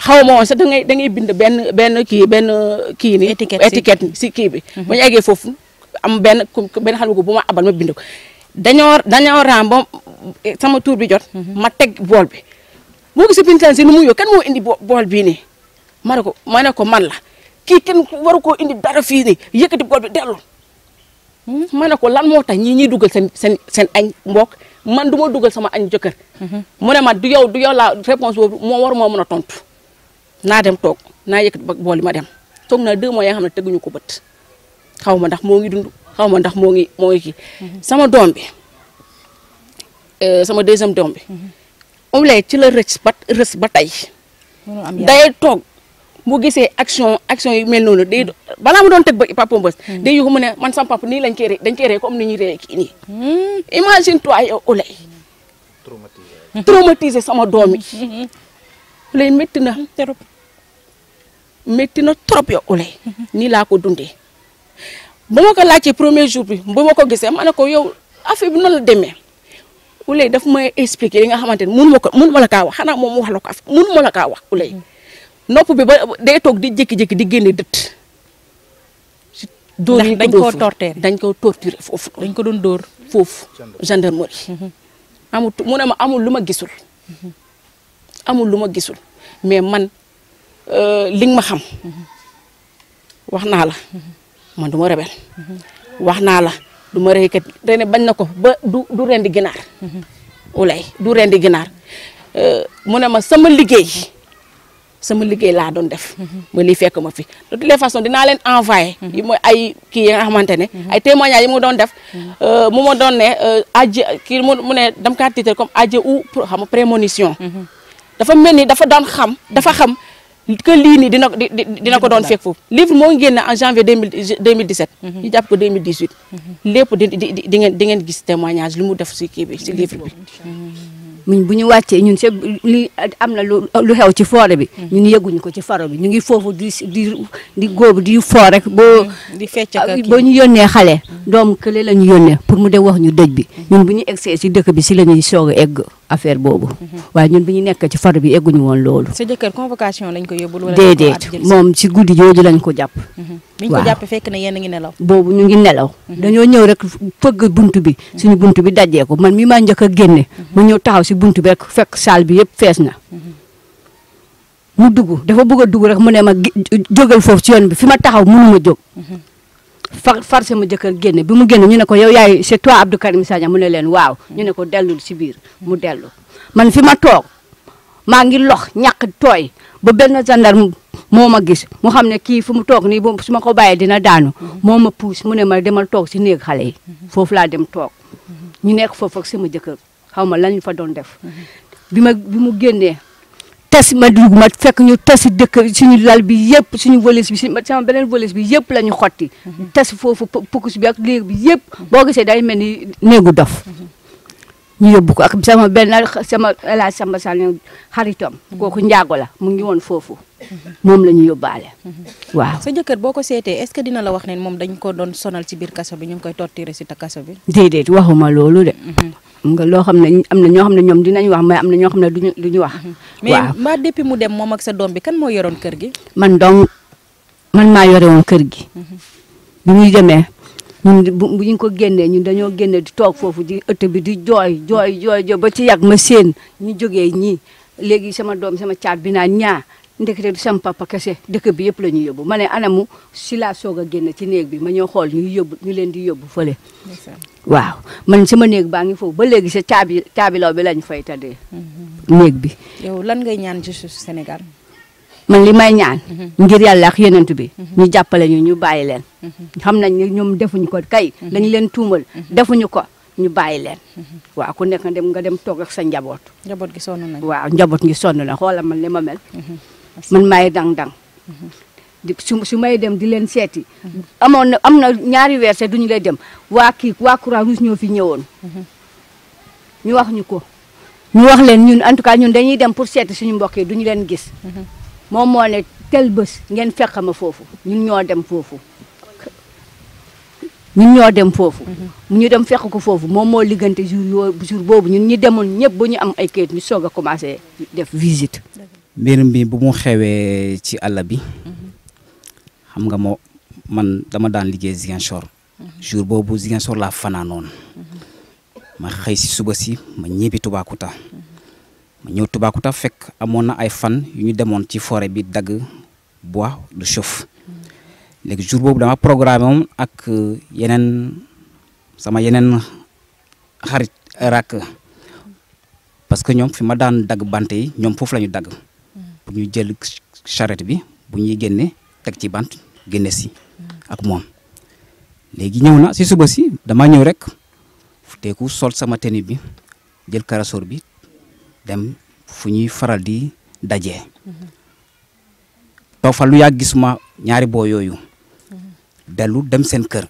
xaw sa da ngay da ngay bind ben ben ki ben ki ni etiquette ni si bi mhm. bu ñu eggee fofu am ben ben xale ko ma abal ma bind ko daño daño raam sama tour bi jot mhm. ma teg bol bi moo gis tan si nu mu yo kan mo indi bol bi ni marako ne ko ko man la ki ken waru indi dara fi ni yëkkati bol bi delu mhm. ma ko lan mo tax ñi ñi dugal sen sen sen añ mbok man duma duggal sama añ jëkkër mo ne ma du yow du yow la réponse mo war mo mën tontu naa dem tok naa yëkkat ba booli ma dem tok na deux mois yoo xam ne teguñu ko beut xawma ndax mo ngi dund xawma ndax mo ngi moo ngi mhm. sama dom bi euh, sama deuxième dom bi mhm. moom lay ci la rëcc ba rës ba day tok mu action action yu mel nonu day mhm. bala mu don tek ba papa mbeus day yu ko mu ne man sama papa ni lañ koy dañ koy ko comme ni ñi ré ki ni hmm. imagine toi yow ulay traumatisé sama doom yi ulay métti na terop métti na trop yow Oulaye nii laa ko dundee ba ma ko laajte premier jour bi ba ma ko gisee ma ne ko yow affaire bi noonu la demee Oulaye daf ma expliquer yi nga xamante ne mënu ma ko mënu ma la kaa wax xanaa moom wax la ko af mënu ma la kaa wax Oulaye nopp bi ba day toog di jékki-jékki di génne dëtt. dóor yi dañ koo dañ koo torturer foofu. dañ ko doon dóor foofu gendarmerie. Mhm. amul mu ne ma amul lu ma gisul. Mhm. amul lu ma gisul mais man. Euh, ling ma xam wax naa la man duma rebel wax la duma rey kat rene bañ nako ba du du rendi ginaar ulay du rendi ginar euh munema sama liggéey sama liggéey la don def ma li fekk ma fi de toutes les façons dinaa leen yi moy ay ki nga xamantene ne ay témoignage yi mu don def euh, mu mo doon ne euh, aje ki mu ne dam ka titre comme aje ou xam prémonition mhm. dafa melni dafa don xam dafa xam que lii nii dina dina ko doon fekk foofu livre moo ngi génne en janvier 2017 mhm. ñu jàpp ko 2018 mhm. lépp di di ngeen di ngeen gis témoignage lu mu def si kii bi si livre bi muñ mhm. bu ñu wàccee ñun c'est li am na lu xew ci foore bi ñun yëguñu ko ci faro bi ñu ngi foofu di di di góob di foo rek boo ah, boo ñu yónnee xale doom kële la ñu yónnee pour mu de wax ñu dëj bi ñun bu ñu egsee si dëkk bi si la ñuy soog egg affaire boobu. Mhm. waaye ñun bi ñu nekk ci far bi egu ñu woon loolu. sa jëkkër convocation lañ ko yóbbul wala déedéet moom ci guddi jooju lañ ko jàpp. Mhm. bi ñu ko na yéen a ngi nelaw. boobu ñu ngi nelaw. Mhm. dañoo ñëw rek fëgg buntu bi. suñu buntu bi dajee ko man mi maa njëkk a génne. mu ñëw taxaw si buntu bi rek fekk salle bi yëpp fees na. mu dugg dafa bëgg a dugg rek mu ne ma jógal foofu ci yoon bi fi ma taxaw mënu ma jóg. far far sama jëkkër génne bi mu génne ñu ne ko yow yaay c'est toi Abdou Karim Sagna mu ne leen waaw ñu ne ko dellul si biir mu dellu man fi ma toog maa ngi lox ñàkk tooy ba benn gendarme moo ma gis mu xam ne kii fu mu toog nii ba su ma ko bàyyee dina daanu moo ma puus mu ne ma demal toog si néeg xale yi foofu laa dem toog ñu nekk foofu ak sama jëkkër xaw ma lañ fa doon def bi ma bi mu génnee tas ma dugg ma fekk ñu tas si dëkk suñu lal bi yëpp suñu volis bi si sama beneen volis bi yëpp la ñu xotti. Mhm. tas foofu pukus bi ak léegi bi yëpp. boo gisee day mel ni néegu dof. Mhm. ñu yóbbu ko ak sama benn sama El Hadj Samba bu xaritam. Mhm. kooku njaago la mu ngi woon foofu. moom la ñu yóbbaale. waaw sa jëkkër boo ko seetee est-ce dina la wax ne moom dañ ko doon sonal si biir kaso bi ñu ngi koy torturer si ta bi. déedéet waxuma loolu de. nga loo xam ne am na ñoo xam ne ñoom dinañ wax ma am na ñoo xam ne duñu ñu wax. waaw mais mbaa depuis mu dem moo ak sa doom bi kan moo yoroon kër gi. man donc man maa yore woon kër gi. Mhm. bi muy demee ñun bu ñu ko génnee ñun dañoo génne di toog foofu di ëtt bi di jooy jooy jooy jooy ba ci yàgg ma séen ñu jógee ñi léegi sama doom sama caat bi naa ñaa ndekete sam papa kese dëkk bi yëpp la ñuy yóbbu ma ne anamu si laa a génn ci néeg bi ma ñoo xool ñuy yóbbu ñu leen di yóbbu fële waaw man sama néeg baa ngi foofu ba léegi sa caabi caabilaw bi lañu fay tëddee mhm. néeg bi lan ngay ñaan ci suuf Sénégal man li may ñaan mhm. ngir yàlla ak yonent bi mhm. ñu jàppale ñu ñu bàyyi leen xam nañ ne ñoom defuñu ko kay dañ leen tuumal defuñu ko ñu bàyyi leen waaw ku nekka dem nga dem toog ak sa njaboot njaboot gi sonn nañ waaw njaboot gi sonn na xoolal man ma man maay dang-dang su su may dem di leen seeti amoon na am na ñaari weer sax duñu lay dem waa kii waa Croix Rouge ñoo fi woon ñu wax ñu ko ñu wax leen ñun en tout cas ñun dañuy dem pour seeti suñu mbokk yi duñu leen gis moom moo ne tel bés ngeen fekk ma foofu ñun ñoo dem foofu ñun ñoo dem foofu ñu dem fekk ko foofu moom moo liggante jour yoo jour boobu ñun ñu demoon ñëpp ba ñu am ay kayit ñu soog a commencé def visite mbir mi bu mu xewé ci Allah bi mhm. xam nga mo man dama daan liggéey Ziguinchor mhm. jour boobu Ziguinchor laa fanaanoon mhm. ma xey ci suba si ma ñibbi kuta, ma ñew Toubacouta fekk amona na ay fan yu ñu demoon ci forêt bi dag bois du chauffe léegi jour bobu dama programme ak euh, yenen sama yenen, xarit rak parce que ñom fi ma daan dag banté ñom fofu lañu dag ñu jël charrette bi bu ñuy génne teg ci bant génne si ak moom léegi ñëw na si suba si dama ñëw rek futeeku sol sama tenue bi jël karasoor bi dem fu ñuy faral di dajee toog fa lu yàgg gisuma ñaari boo yooyu dellu dem seen kër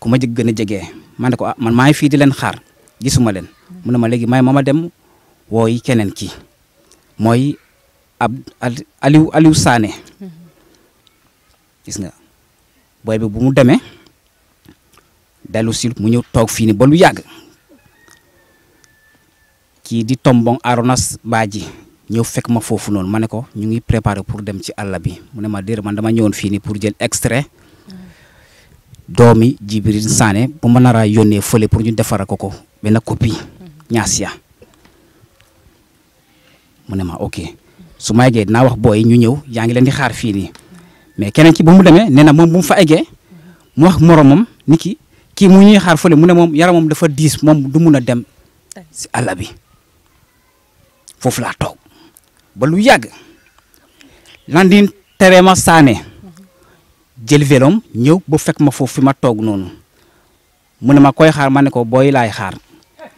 ku ma gën a jegee ma ne ko ah, man maa ngi fii di leen xaar gisuma leen mu ne ma léegi may ma ma dem wooyi keneen kii mooy ab Aliou Aliou Sané nga booy bi bu mu demee dellu mu ñëw toog fii ni ba yàgg kii di tombong Aronas Badji ñëw fekk ma foofu noonu ma ne ko ñu ngi préparé pour dem ci àll bi mu ne ma déer man dama ñëwoon fii ni pour jël extrait doomi Djibril Sané bu ma nar a yónnee fële pour ñu defara ko ko benn copie ñaas ya ma ok su ma eggee dinaa wax booy ñu ñëw yaa ngi leen di xaar mais keneen ki bu mu demee nee na moom bu mu fa eggee mu wax moromam ki kii mu ñuy xaar fële mu ne moom yaramam dafa diis moom du mun a dem si bi ba lu landin ma saane jël velom ñëw ba fekk ma foofu fi ma toog noonu mu ne ma koy xaar ma ko booy laay xaar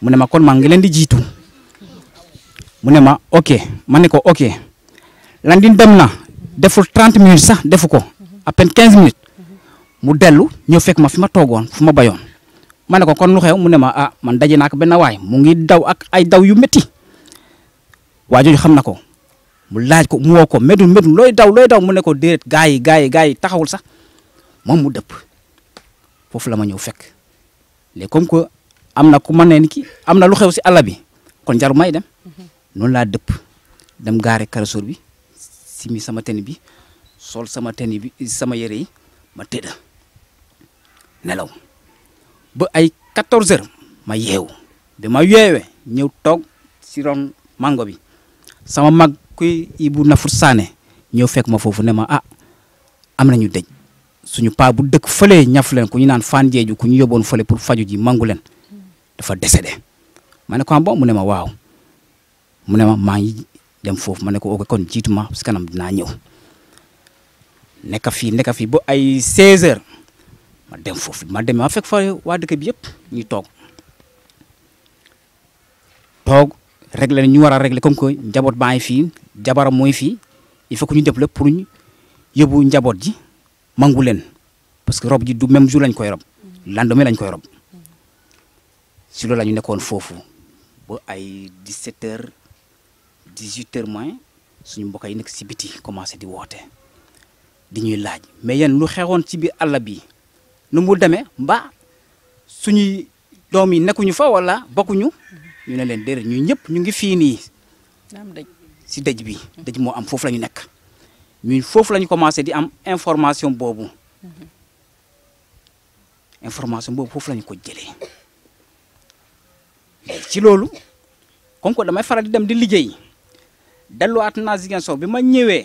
mu ne ma kon maa ngi leen di mu ne ma ko ok Landing dem na deful 30 minutes sax defu ko à peine minutes mu dellu ñëw fekk ma fi ma toogoon fu ma bayoon ma ne ko kon lu xew mu ne ma ah man daje naa ko benn waay mu ngi daw ak ay daw yu métti waa jooju xam na ko mu laaj ko mu woo ko medul medul looy daw looy daw mu ne ko déedéet gaa yi gaa yi gaa yi taxawul sax moom mu dëpp foofu la ma ñëw fekk léegi comme que am na ku ma ne ni ki am na lu xew si àll bi kon jaru may dem mhm. noonu laa dëpp dem gaare carrefour bi. simi sama teni bi sol sama teni bi sama yére yi ma tëdd nelaw ba ay 14 ma yeew bi ma yeewee ñëw toog siron ron mango bi sama mag kuy Ibou Nafour saane ñëw fekk ma foofu ne ma a ah, am nañu dëj suñu paa bu dëkk fële ñaf leen ku ñu naan fan jeeju ku ñu yóbboon fële pour faju ji mangu leen dafa de ma ne ko ah bon mu ne ma waaw mu ne ma maa dem foofu ma ne ko kon jiitu ma parce que kanam dinaa ñëw nekk fii nekk fii ba ay 16h ma dem foofu ma dem ma fekk fa waa dëkk bi yëpp ñu toog toog régler ñu war a régler comme njaboot baa ngi fii jabaram mooy fii il faut ñu def lépp pour ñu yóbbu njaboot ji mangu leen parce que rob ji du même jour lañ koy rob lendemain lañ koy rob si loolu ñu nekkoon foofu ba ay 17 dix-huit heures moins suñu mbokk yi nekk si biti commencé di woote di ñuy laaj mais yéen lu xeexoon ci biir àll bi nu mu demee mbaa suñuy doom yi nekkuñu fa wala bokkuñu ñu ne leen déedéet ñu ñëpp ñu ngi fii nii si dëj bi dëj moo am foofu lañu nekk ñun foofu la commencé di am information boobu boobu foofu la ko jëlee ci loolu comme que damay faral di dem di liggéey delluwaat naa Ziguinchor bi ma ñëwee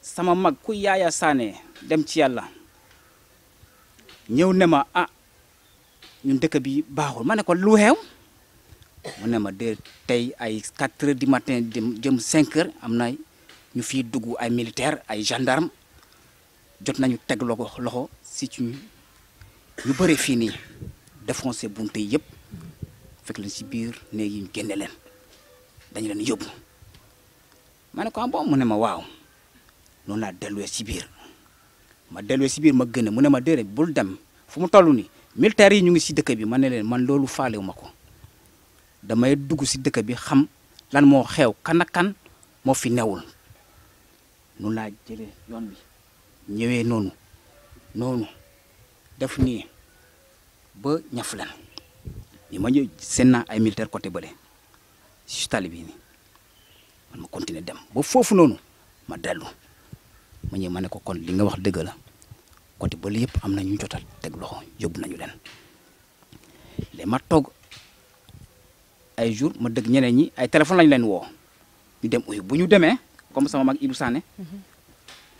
sama mag ku yaaya saane dem ci yàlla ñëw ne ma ah, ñu dëkk bi baaxul ma ne ko lu xew mu ne ma de tey ay 4 di du matin jëm 5 am na ñu fiy dugg ay militaire ay gendarme jot nañu teg loxo loxo si ci ñu bëri fii nii défoncé bunte yëpp fekk leen ci biir néeg yi ñu génne leen dañu leen yóbbu. ma ko ah bon mu ne ma waaw noonu laa delluwee si biir ma delluwee si biir ma gën mu ne ma déedéet bul dem fu mu toll nii militaires yi ñu ngi si dëkk bi ma ne leen man loolu faalewu ma ko damay dugg si dëkk bi xam lan moo xew kanakan moo fi newul nu laa jëlee yoon bi ñëwee noonu noonu def nii ba ñaf lan ni ma ñëw seen naa ay militaire côté bële si tali bii nii man ma continuer dem ba foofu noonu ma dellu ma ñëw ma ne ko kon li nga wax dëgg la côté ba lépp am na ñu jotal teg loxo yóbbu nañu leen léegi ma toog ay jour ma dëgg ñeneen ñi ay téléphone lañ leen woo ñu dem uyu bu ñu demee comme sama mag Ibou Sané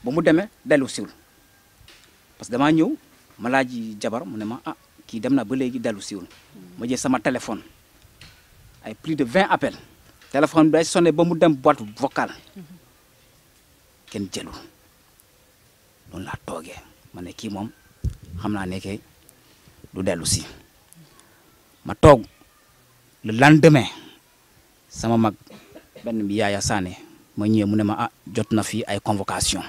ba mu demee dellu siwul parce que damaa ñëw ma laaj jabar mu ne ma ah, kii dem na ba léegi dellu siwul ma sama téléphone ay plus de vingt appels téléphone bi day sonné ba mu dem boîte vocale kenn jëlul loolu la tooge ma ne kii moom xam naa ne que du dellu si ma toog la lendemain sama mag benn bi Yaaya Sané ma ñëwee mu ne ma ah jot na fii ay convocation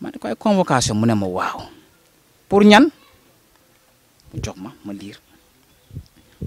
ma ne ko ay convocation mu ne ma waaw pour ñan mu jox ma ma liir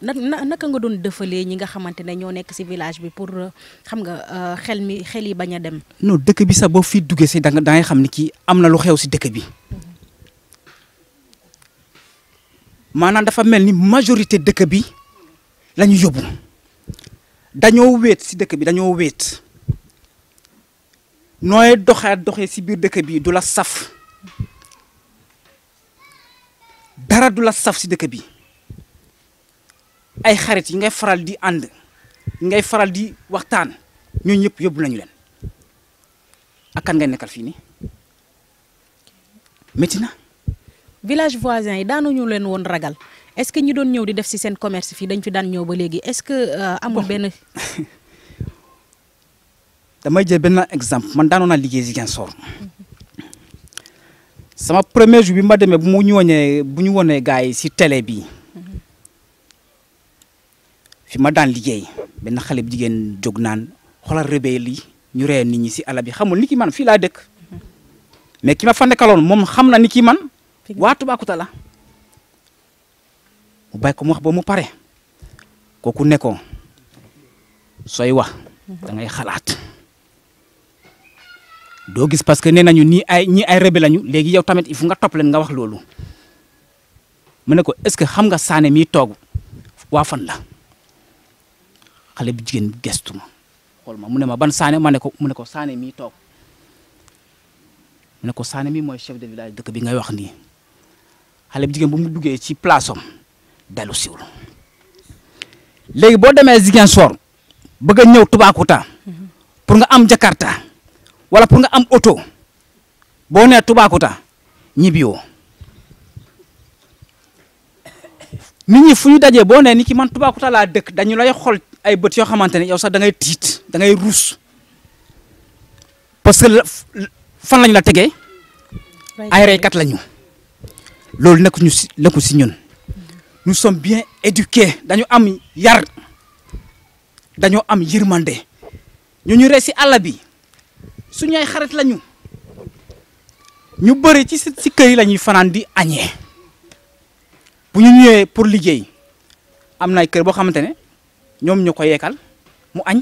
na naka nga doon dëfalee ñi nga xamante ne ñoo nekk si village bi pour euh, xam nga euh, xel mi xel yi bañ a dem. non dëkk bi sax boo fi duggee si da nga da ngay xam ni kii am na lu xew si dëkk bi maanaam dafa mel ni majorité dëkk bi la ñu yóbbu dañoo wéet si dëkk bi dañoo wéet nooy doxee doxee si biir dëkk bi du la saf dara du la saf si dëkk bi. ay xarit yi ngay faral di ànd ngay faral di waxtaan ñooñu ñëpp yóbbu nañu leen ak kan ngay nekkal fii nii métti na. village voisin yi daanuñu leen woon ragal est-ce que ñi doon ñëw di def si seen commerce fii dañ fi daan ñëw ba léegi est-ce que euh, amul benn. damay jël benn exemple man daanoon naa liggéey Ziguinchor sama premier jour bi ma demee bu mu ñëwee bu ñu wonee gars yi si télé bi. fi ma daan liggéey benn xale bi jigéen jóg naan xoolal rebelle yi ñu ree nit ñi si àll bi xamul ni ki man fii laa dëkk mais ki ma fa moom xam na ni ki man waa Toubacouta la mu bàyyi ko mu wax ba mu pare kooku ne ko sooy wax da xalaat doo gis parce que nee nañu nii ay ñii ay rebelle lañu léegi yow tamit il nga topp leen nga wax loolu mu ne ko est-ce que xam nga saane mi toog waa fan la xale bu jigéen gestu ma xool ma mu ne ma ban saane ma ne ko mu saane mii toog mu ko saane mii mooy chef de village dëkk bi ngay wax ni xale bu jigéen bu mu duggee ci place am léegi boo demee Ziguinchor bëgg a ñëw Toubacouta pour nga am Jakarta wala pour nga am oto boo nee Toubacouta ñibbiwoo nit ñi fu ñu dajee boo nee ni ki man Toubacouta laa dëkk dañu lay ay bët yoo xamante yow sax da ngay tiit da ngay ruus parce que fan lañ la tegee ay reykat lañu loolu nekk ñu si nekku si ñun nous sommes bien éduqués dañu am yar dañu am yërmande ñu ñu rey si àll bi suñu ay xarit lañu ñu bëri ci si kër yi la ñuy fanaan di añee bu ñu ñëwee pour liggéey am na ay kër boo xamante ne ñom ñuko yékal mu añ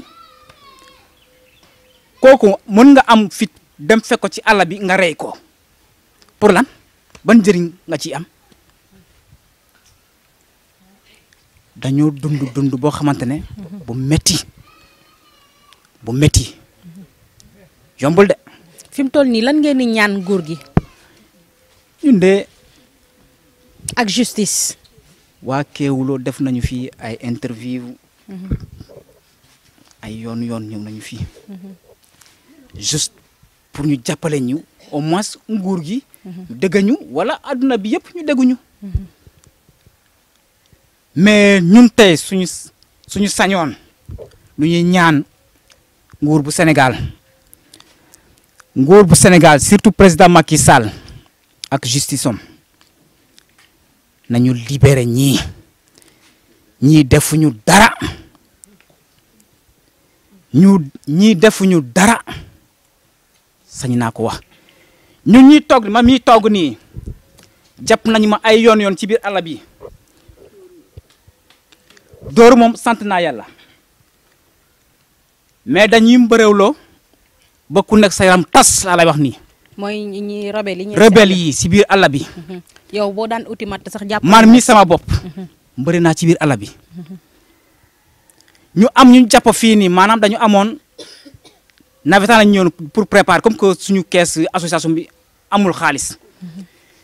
koku mën nga am fit dem fekk alabi ci alla bi nga rey ko pour lan ban jëriñ nga ci am dañu dund dund bo xamantene bu metti bu metti yombul de Tol mu toll ni lan ngeen ni ñaan nguur gi ñun de ak justice wa Kéwoulo def nañu fi ay interview A onuyon nañ fi mhm. pruujapa leñu o mwaas un gurgi mhm. deganu, wala adu na bi puñ daguñu Men ñu mhm. te sunñu sanyon nun ñangurbu Senegal Gobu Senegal, sirtu préda ma kial akjistison nañu libereñ. ñii defuñu dara ñu ñii defuñu dara sañ naa ko wax ñu ñuy toog ma mii toog nii jàpp nañu ma ay yoon yoon ci biir àll bi dóoru moom sant naa yàlla mais dañuy mbërëwloo ba ku nekk sa yaram tas laa wax nii. mooy ñi rebelle yi. rebelle yi si biir àll bi. yow boo daan uti matt jàpp man mii sama bopp. Mhm. mbëri naa ci biir àll bi ñu am ñu jàpp fii nii maanaam dañu amoon nawetaan lañu ñëwoon pour préparer comme que suñu kees association bi amul xaalis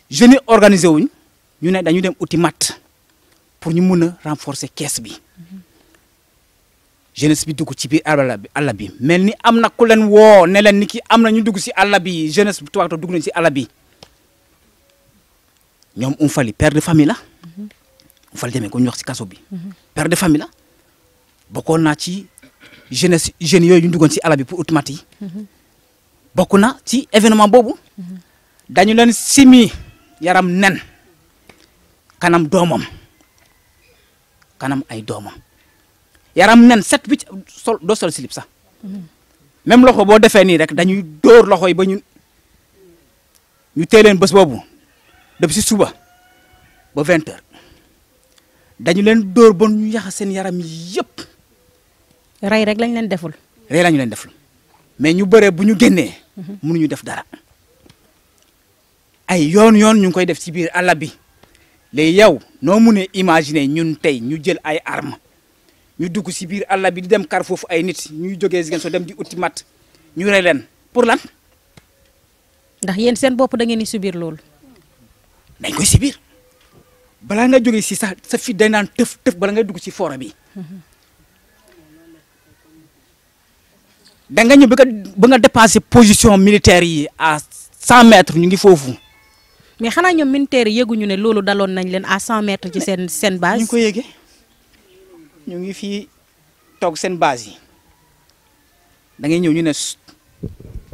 jeunes yi wuñ ñu ne dañu dem uti mat pour ñu mun a renforcer kees bi jeunesse bi dugg ci biir àll bi àll bi mel ni am na ku leen woo ne leen ni ki am na ñu dugg si àll bi jeunesse bi tubaab dugg nañ si àll bi ñoom um fali père de famille fal demee ko ñu wax si kaso bi. père de famille la naa ci jeunesse jeunes yooyu ñu duggoon si ala bi pour automat yi. bokk na ci événement boobu. dañu leen simi yaram nen kanam doomam kanam ay doomam yaram nen set bi sol doo sol slip sax même loxo boo defee nii rek dañuy dóor loxo yi ba ñu ñu tee leen bés si suba ba dañu leen dóor ba ñu yàq seen yaram yëpp. rey rek lañ leen deful. rey lañu leen deful mais ñu bëree bu ñu génnee. Mhm. ñu def dara. ay yoon yoon ñu ngi koy def ci biir àll bi léegi yow noo munee imaginer ñun tey ñu jël ay armes ñu dugg ci biir àll bi di dem kar foofu ay nit ñuy jógee Ziguinchor dem di uti mat ñu rey leen pour lan. ndax yéen seen bopp da ngeen di subir loolu. dañ koy subir. balaa nga jóge si sax sa fit day naan tëf tëf bala ngay dugg si foora bi danga ñëw ba nga nga dépassé position militaire yi à cent ñu ngi foofu. mais xanaa ñoom militaire yi ne loolu daloon nañ leen à cent mètres seen seen base. ñu ko yëgee ñu ngi fii toog seen base yi da ñëw ñu ne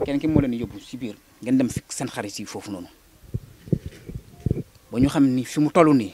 kenn ki moo leen yóbbu si biir ngeen dem fi seen xarit yi foofu noonu. ba ñu xam ni fi mu toll nii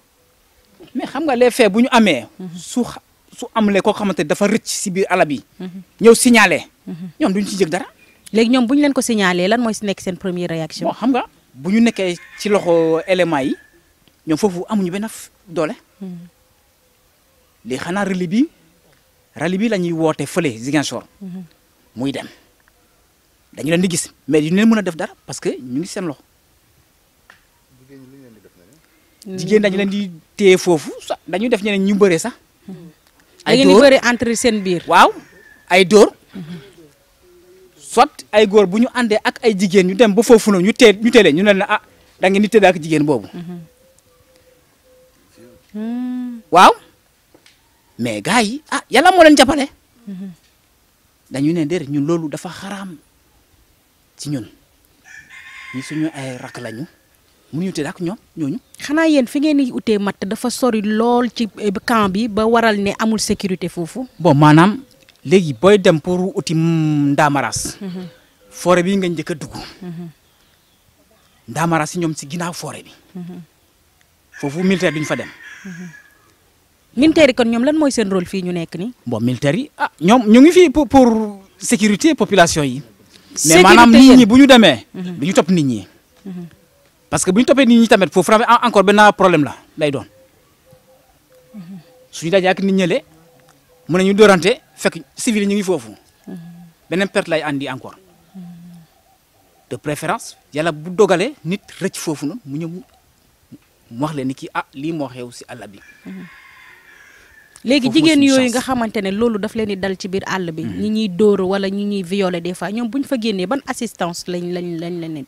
mais xam nga les faits bu ñu amee. su su amulee koo xamante dafa rëcc si biir ala bi. ñëw signalé. ñoom duñ ci jëg dara. léegi ñoom bu ñu leen ko signalé lan mooy si nekk seen première réaction. bon xam nga bu ñu nekkee ci loxo éléments yi ñoom foofu amuñu benn doole. léegi xanaa rali bi rali bi la ñuy woote fële Ziguinchor. muy dem dañu leen di gis mais duñu leen mën a def dara parce que ñu ngi seen loxo. jigen dañu leen di téye fofu dañu def ñene ñu bëré sax. ay dóor bëré entre sen biir. waaw ay dóor. soit ay góor bu ñu ak ay jigen ñu dem ba fofu noonu ñu tee ñu teelee ñu leen ah da ngeen nité dak jigen bobu waaw mais gaay ah yalla mo leen jappalé dañu né déedéet ñun lolu dafa xaraam ci ñun ñi suñu ay rak lañu. mu ñu tëdd ak ñoom ñooñu. xanaa fi ngeen di utee matt dafa sori lool ci eh, camp bi ba waral ne amul sécurité foofu. bon maanaam léegi booy dem pour uti ndaamaraas. Mhm. bi nga njëkk a dugg. Mhm. ndaamaraas ñoom si ginnaaw forêt bi. Mhm. foofu militaire duñ fa dem. militaire kon ñoom lan mooy seen rôle fii ñu nekk nii. bon militaire yi ah ñoom ñu ngi fii pour sécurité population yi. mais maanaam nit ñi bu ñu demee. du ñu topp nit ñi. parce que bu ñu toppee nit ñi tamit foofu tamit ah, encore benn problème la lay doon suñu dajee ak nit ñële mën nañu doorante fekk civil ñu ngi foofu beneen perte lay andi encore de préférence yàlla bu dogalee nit rëcc foofu noonu mu ñëw mu wax leen ni kii ah lii moo xew si àll bi. léegi jigéen yooyu nga xamante ne loolu daf leen di dal ci biir àll bi. Mm-hmm. ñu ñuy dóor wala ñu ñuy violer des fois ñoom bu ñu fa génnee ban assistance lañ lañ lañ leen.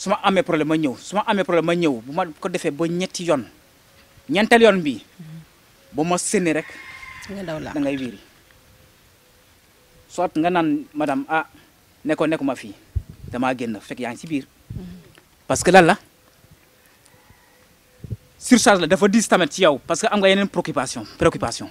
suma ma problème ma ñew suma amé problème ma ñew je ko défé ba bi buma rek. nga daw la da soit nga madame ah fi, génn ci biir. parce que là la surcharge la dafa 10 parce que am nga préoccupation préoccupation.